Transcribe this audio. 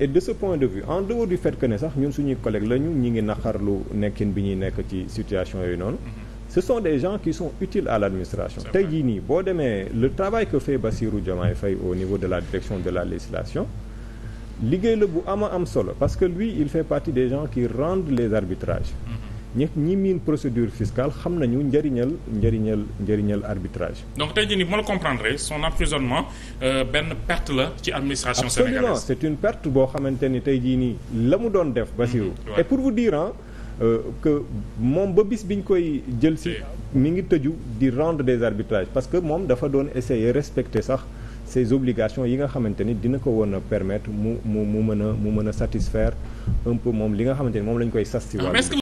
et de ce point de vue en dehors du fait que ne sax ñun suñuy collègues lañu ñi ngi naqarlu nekkin bi ñuy nekk ci situation yooyu noonu mm-hmm. ce sont des gens qui sont utiles à l'administration tey jii nii boo demee le travail que fait Bassirou Diomaye Faye au niveau de la direction de la législation liggéey la bu ama am solo parce que lui il fait partie des gens qui rendent les arbitrages mm-hmm. ñi ñi miin procédure fiscale xam nañu njëriñal njëriñal njëriñal arbitrage. donc tey jii nii ma la comprendre son emprisonnement euh, benn perte la ci administration sénégalaise. absolument c'est une perte boo xamante ni tey jii nii la mu doon def. Bassirou mm-hmm, et pour vous dire ah. Euh, que moom ba bis bi ñu koy jël si mi ngi tëju di rendre des arbitrages parce que moom dafa doon essayer respecter sax ses obligations yi nga xamante ni dina ko woon a permettre mu mu mu mën a mu mën a satisfaire un peu moom li nga xamante ni moom la ñu koy sas ah,